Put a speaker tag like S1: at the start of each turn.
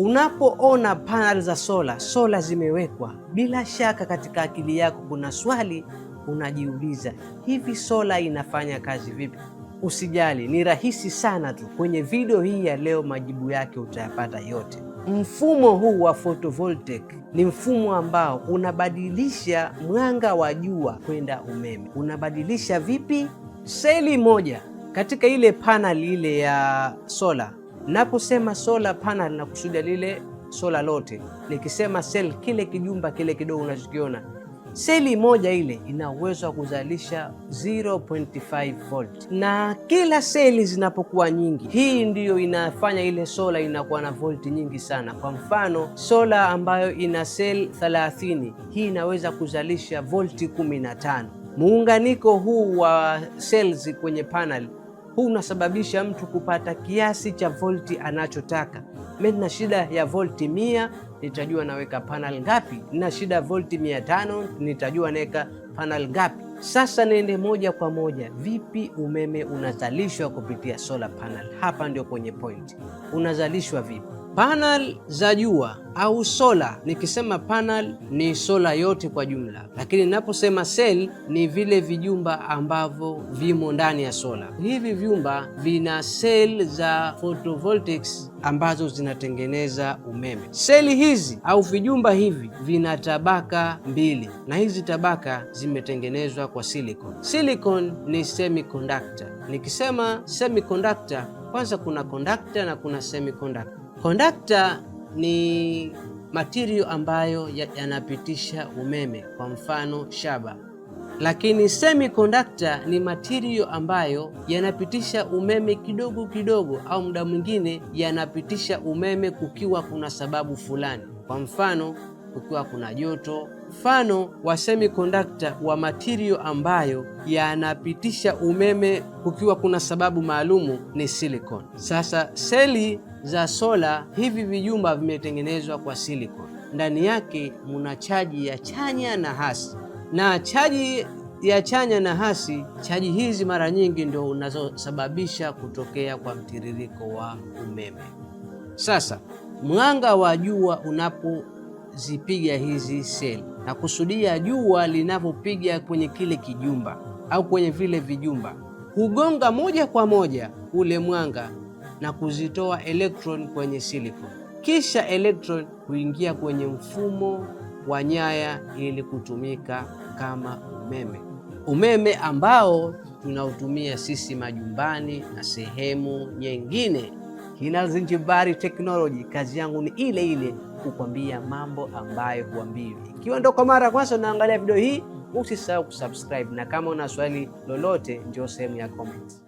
S1: Unapoona panel za sola sola zimewekwa, bila shaka katika akili yako kuna swali unajiuliza, hivi sola inafanya kazi vipi? Usijali, ni rahisi sana tu. Kwenye video hii ya leo majibu yake utayapata yote. Mfumo huu wa photovoltaic ni mfumo ambao unabadilisha mwanga wa jua kwenda umeme. Unabadilisha vipi? Seli moja katika ile panel ile ya sola Naposema sola pana, kusudia lile sola lote. Nikisema sel, kile kijumba kile kidogo unachokiona, seli moja ile ina uwezo wa kuzalisha 0.5 volt, na kila seli zinapokuwa nyingi, hii ndiyo inafanya ile sola inakuwa na volti nyingi sana. Kwa mfano, sola ambayo ina sel 30 hii inaweza kuzalisha volti 15. Muunganiko huu wa cells kwenye panel huu unasababisha mtu kupata kiasi cha volti anachotaka. Mi nina shida ya volti mia, nitajua naweka panel ngapi. Nina shida ya volti mia tano, nitajua naweka panel ngapi. Sasa niende moja kwa moja, vipi umeme unazalishwa kupitia solar panel? Hapa ndio kwenye point, unazalishwa vipi? Panel za jua au sola, nikisema panel ni sola yote kwa jumla, lakini ninaposema cell ni vile vijumba ambavyo vimo ndani ya sola. Hivi vyumba vina cell za photovoltaics ambazo zinatengeneza umeme. Seli hizi au vijumba hivi vina tabaka mbili, na hizi tabaka zimetengenezwa kwa silicon. Silicon ni semiconductor. Nikisema semiconductor, kwanza kuna conductor na kuna semiconductor. Kondakta ni matirio ambayo yanapitisha umeme, kwa mfano shaba. Lakini semiconductor ni matirio ambayo yanapitisha umeme kidogo kidogo, au muda mwingine yanapitisha umeme kukiwa kuna sababu fulani, kwa mfano kukiwa kuna joto mfano wa semiconductor wa material ambayo yanapitisha umeme kukiwa kuna sababu maalumu ni silicon. Sasa seli za sola, hivi vijumba vimetengenezwa kwa silicon, ndani yake muna chaji ya chanya na hasi, na chaji ya chanya na hasi, chaji hizi mara nyingi ndio unazosababisha kutokea kwa mtiririko wa umeme. Sasa mwanga wa jua unapo zipiga hizi seli, na kusudia jua linavyopiga kwenye kile kijumba au kwenye vile vijumba, hugonga moja kwa moja ule mwanga na kuzitoa electron kwenye silicon, kisha electron huingia kwenye mfumo wa nyaya ili kutumika kama umeme, umeme ambao tunautumia sisi majumbani na sehemu nyingine. Kinalzinjibari Technology, kazi yangu ni ile ile kukwambia mambo ambayo huambiwi. Ikiwa ndo kwa mara ya kwanza unaangalia video hii, usisahau kusubscribe, na kama una swali lolote, ndio sehemu ya comment.